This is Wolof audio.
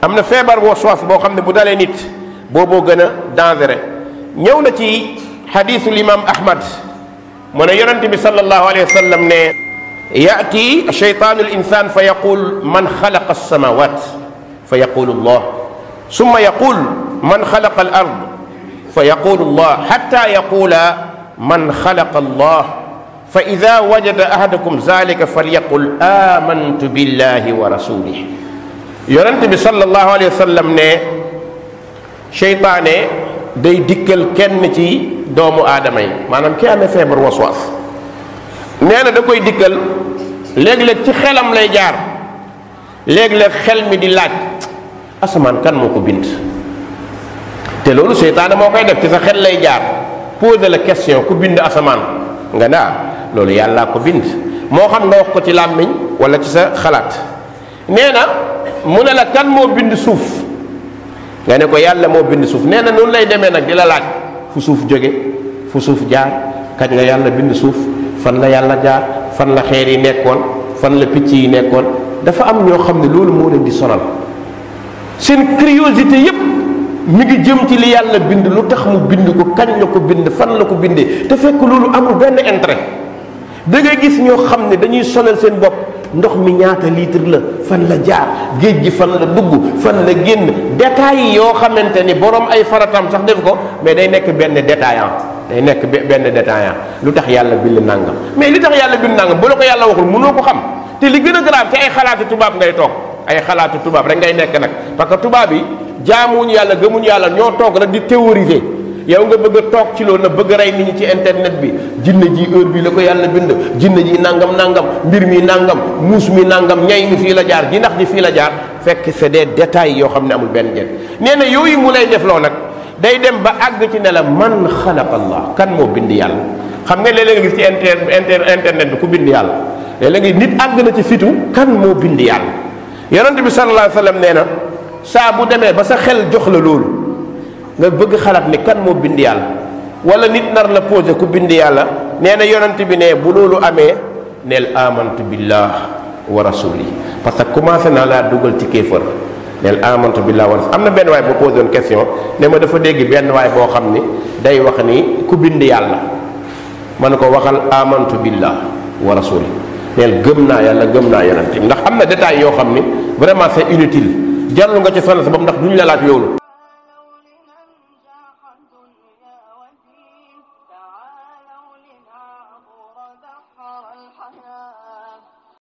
am na feebar woo soif boo xam ne bu dalee nit booboo gën a dangereux ñëw na ci xadiisul imam ahmad mu ne yonente bi salallahu alayhi wa sallam ne yaati cheytaanu linsan fa yaqul man xalaqa alsamawat fa yaqulu allah summa yaqul man xalaqa al ard fa yaqulu allah xata yaqula man xalaqa allah fa ida wajada ahadakum zalika falyaqul amantu billahi wa rasulih yonent bi sallallahu alayhi wa sallam ne seytaane day dikkal kenn ci doomu aadama yi maanaam ki amee feebar waswas nee na da koy dikkal léeg-léeg ci xelam lay jaar léeg-léeg xel mi di laaj asamaan kan moo ko bind te loolu seytaane moo koy def ci sa xel lay jaar posé la question ku bind asamaan nga naa loolu yàllaa ko bind moo xam nga wax ko ci làmmiñ wala ci sa xalaat nee na mu ne la kan moo bind suuf nga ne ko yàlla moo bind suuf nee na noonu lay demee nag di la laaj fu suuf jóge fu suuf jaar kañ la yàlla bind suuf fan la yàlla jaar fan la xeer yi nekkoon fan la picc yi nekkoon dafa am ñoo xam ne loolu moo leen di sonal seen curiosité yépp mi ngi jëm ci li yàlla bind lu tax mu bind ko kañ la ko bind fan la ko bindee te fekk loolu amul benn intérêt da ngay gis ñoo xam ne dañuy sonal seen bopp ndox mi ñaata litre la fan la jaar géej gi fan la dugg fan la génn détails yoo xamante ni borom ay faratam sax def ko mais day nekk benn détaillant day nekk be benn détaillant lu tax yàlla bind nangam mais li tax yàlla bind nangam bu ko yàlla waxul mënoo ko xam te li gën a grave ci ay xalaatu tubaab ngay toog ay xalaatu tubaab rek ngay nekk nag parce que tubaab yi jaamuwuñu yàlla gëmuñu yàlla ñoo toog rek di théoriser. yow nga bëgg toog ci loolu na bëgg rey nit ñi ci internet bi jinne ji heure bii la ko yàlla bind jinne ji nangam nangam mbir mi nangam muus mi nangam ñay mi fii la jaar ji ndax ji fii la jaar fekk c'est des yoo xam ne amul benn njëriñ nee na yooyu mu lay def loo nag day dem ba àgg ci ne la man xalaqa allah kan moo bind yàlla xam nga léeg-léeg nga gis ci inter inter internet bi ku bind yàlla léeg-léeg nit àgg na ci fitu kan moo bind yàlla yonent bi sallallahu alayhi wa sallam nee na saa bu demee ba sa xel jox la loolu nga bëgg xalaat ni kan moo bind yàlla wala nit nar la posé ku bind yàlla nee na yonent bi ne bu loolu amee neel amantu billah wa rasuli parce que commencé naa laa dugal ci kéefër neel amantu billah wa rasuli am na benn waay bu posé woon question ne ma dafa dégg benn waay boo xam ni day wax ni ku bind yàlla ma ne ko waxal amantu billah wa rasuli neel gëm naa yàlla gëm naa yonent bi ndax am na détail yoo xam ni vraiment c' est inutile jarul nga ci sonn sa bopp ndax duñ la laaj loolu